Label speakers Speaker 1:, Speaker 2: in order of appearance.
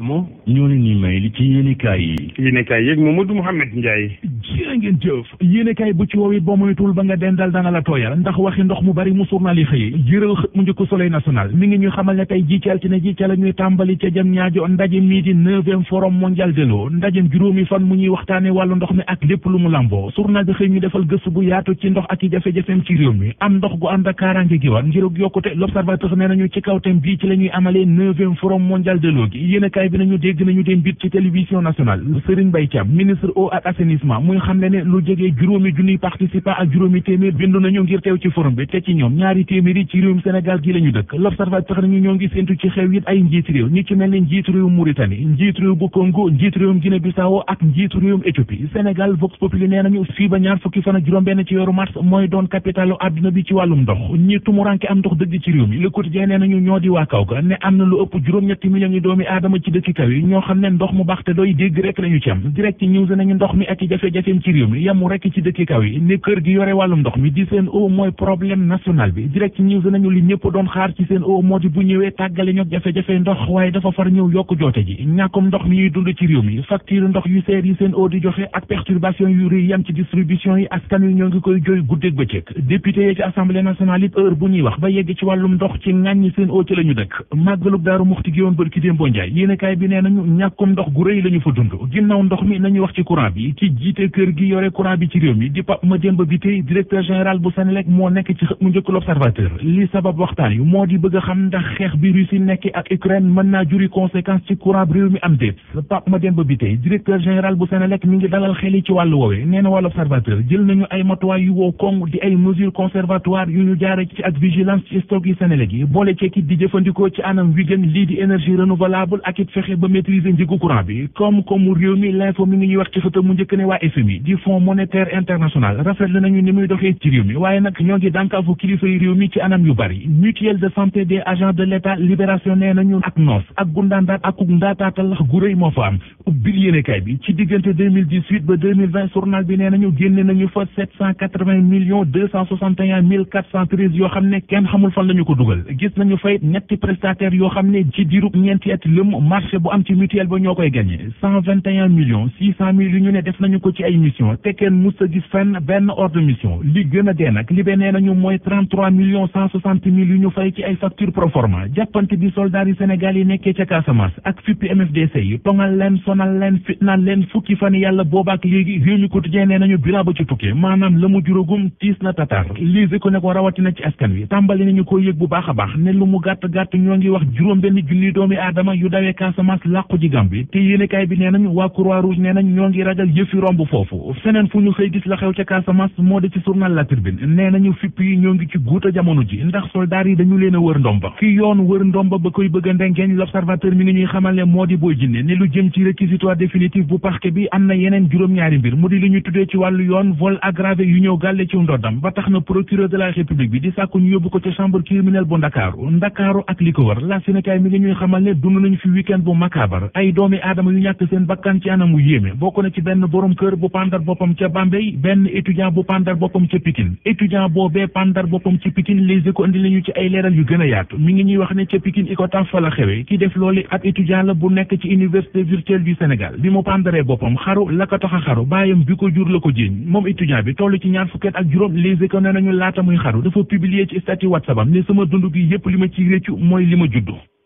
Speaker 1: moom ñooñu ni may ci yéenekaay yi yéenekaay yeeg Mamadou Mouhamed Ndiaye jërë ngeen jëf yéenekaay bu ci woow it boo moytuwul ba nga dendal dana la tooyal ndax waxi ndox mu bari mu journal yi xëye jëral xët mu njëkk Soleil national mi ngi ñuy xamal ne tey ji ci altine ji ca la ñuy tàmbali ca jëm ñaajo ndaje mii di neuvième forum mondial de l'eau juróomi fan mu ñuy waxtaane wàllu ndox mi ak lépp lu mu lamboo journal bi xëy ñu defal gëstu bu yaatu ci ndox ak i jafe-jafeem ci réew mi am ndox gu ànd ak la ñuy bi nañu dégg nañu te mbir ci télévision nationale Serigne Mbaye Thiam ministre eau ak assainissement muy xam ne ne lu jege juróomi junniy participant ak juróomi téeméer bindu nañu ngir teew ci forum bi te ci ñoom ñaari téeméer ci réewum Sénégal gi la ñu dëkk l'observateur nañu ñoo ngi séentu ci xew it ay njiit réew ñi ci mel ni njiit réewum Mauritanie njiit réew bu Congo njiit réewum Guinée Bissau ak njiit réewum Éthiopie Sénégal Vox Populi nee nañu fii ba ñaar ci kaw yi ñoo xam ne ndox mu baax te doy dégg rek la ñu ci am direct news nañu ndox mi ak jafe-jafeem ci réew yi di seen eau di joxe ak perturbation yu rëy yam ci distribution yi askan wi ñoo ngi koy jooy guddeeg bëccëg député yi ci assemblée nationale it heure wax ba yegg ci wàllum ndox ci ŋàññi seen eau ci la dëkk yéenekaay bi nee nañu ñàkkum ndox gu rëy la fa dund ginnaaw ndox mi nañuy wax ci courant bi ki jiite kër gi yore courant bi ci réew mi di Pape Mademba Bitèye directeur bu Senelec moo nekk ci xët mu njëkk l'Observateur li sabab waxtaan yu moo xam ndax xeex bi Russie nekk ak Ukraine mën naa juri conséquence ci courant bi réew mi am déet Pape Mademba Bitèye directeur général bu Senelec mi ngi dalal xel yi ci wàllu woowee nee na wàllu Observateur jël nañu ay matuwaay yu woo kong di ay mesures conservatoires yu ñu jaare ci ak vigilance ci stock yi Senelec yi boole ceekit di jëfandikoo ci anam wi gën fexe ba maîtriser njëgu courant bi koom-koomu réew mi l'info mi ngi wax ci xëtam mu njëkk ne waa FMI di fonds monétaire international rafetlu nañu ni muy doxee ci réew mi waaye nag ñoo ngi dànkaafu kilifa yi réew mi ci anam yu bari mutuelle de santé des agents de l'État libération nee nañu ak noos ak gundaandaat ak ndaataatalax gu rëy moo fa am ubbil yéenekaay bi ci diggante 2018 ba 2020 journal bi nee mille 413 yoo xam ne kenn xamul fan yoo xam ne ci marché bu am ci mutuel ba ñoo koy gagné cent vingt et un millions six cent mille yu ñu ne def nañu ko ci ay mission te kenn mus a gis fenn benn ordre mission li gën a dee nag li benee nañu mooy trente trois millions cent soixante mille yu ñu fay ci ay facture proforma jàppante bi soldat yi Sénégal yi nekkee ca Casamance ak fippi MFDC yi tongal leen sonal leen fitnaan leen fukki fan yàlla boobaak léegi réew mi quotidien nee nañu bilan ci tukkee maanaam la Casamance làqu ji Gàmbi te yéenekaay bi nee nañ waa Croix Rouge nee nañ ñoo ngi ragal yëfi romb foofu feneen fu ñu xëy gis la xew ca Casamance moo de ci journal La Tribune nee nañu fipp yi ñoo ngi ci guuta jamono ji ndax soldaar yi dañu leen wër ndomba ki yoon wër ndomba ba koy bëgg a L'Observateur mi ngi ñuy xamal ne moo di Boy Djiné ne lu jëm ci réquisitoire définitif bu parquet bi am na yeneen juróom-ñaari mbir mu di li ñu tuddee ci wàllu bakkan bu makabar ay doomi aadama yu ñàkk seen bakkan ci anam wu yéeme bokk na ci benn borom kër bu pandar boppam ca Bambey benn étudiant bu pandar boppam ca Pikine étudiant boobee pandar boppam ci Pikine les éco indi lañu ci ay leeral yu gën a yaatu mi ngi ñuy wax ne ca Pikine ICOTAF fa la xewe ki def loolu ab étudiant la bu nekk ci université virtuelle du Sénégal bi mu pandaree boppam xaru la ko tax a xaru baayam bi ko jur la ko jéeñ moom étudiant bi toll ci ñaar fukket ak juróom les laata muy xaru dafa publier ci statut am ne sama dund gi yépp li ma ci réccu mooy li ma juddu